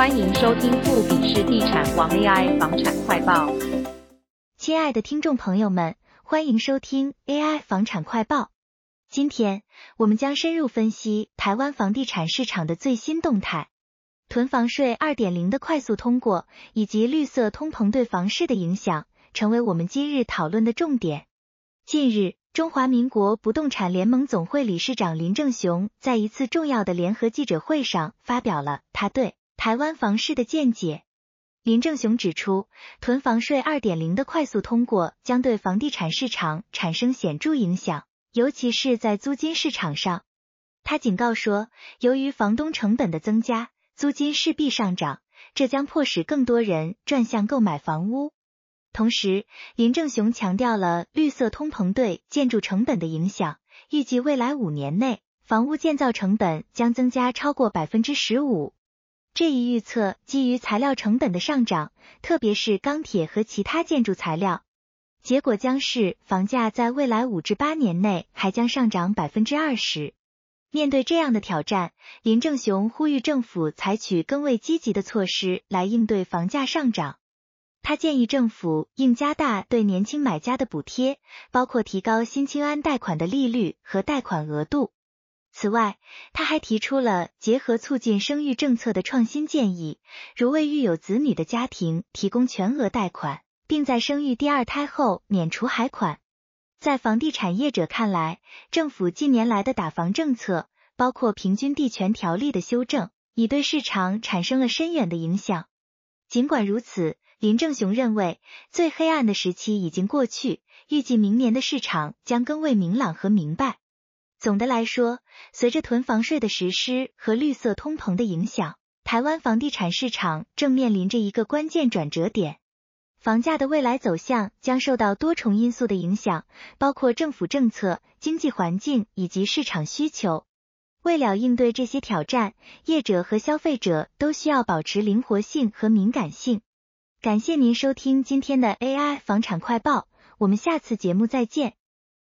歡迎收聽富比士地產王 AI 房產快報。親愛的聽眾朋友們，歡迎收聽 AI 房產快報。今天，我們將深入分析台灣房地產市場的最新動態，囤房稅二點零的快速通過，以及綠色通膨對房市的影響，成為我們今日討論的重點。近日，中華民國不動產聯盟總會理事長林正雄在一次重要的聯合記者會上發表了他對台灣房市的見解，林正雄指出，囤房稅二點零的快速通過將對房地產市場產生顯著影響，尤其是在租金市場上。他警告說，由於房東成本的增加，租金勢必上漲，這將迫使更多人轉向購買房屋。同時，林正雄強調了綠色通膨對建築成本的影響，預計未來五年內，房屋建造成本將增加超過百分之十五。這一預測基於材料成本的上漲，特別是鋼鐵和其他建築材料。結果將是房價在未來五至八年內還將上漲百分之二十。面對這樣的挑戰，林正雄呼籲政府採取更為積極的措施來應對房價上漲。他建議政府應加大對年輕買家的補貼，包括提高新青安貸款的利率和貸款額度。此外，他還提出了結合促進生育政策的創新建議，如為育有子女的家庭提供全額貸款，並在生育第二胎後免除還款。在房地產業者看來，政府近年來的打房政策，包括平均地權條例的修正，已對市場產生了深遠的影響。儘管如此，林正雄認為，最黑暗的時期已經過去，預計明年的市場將更為明朗和明白。總的來說，隨着囤房稅的實施和綠色通膨的影響，台灣房地產市場正面臨着一個關鍵轉折點。房價的未來走向將受到多重因素的影響，包括政府政策、經濟環境以及市場需求。為了應對這些挑戰，業者和消費者都需要保持靈活性和敏感性。感謝您收聽今天的 AI 房產快報，我們下次節目再見。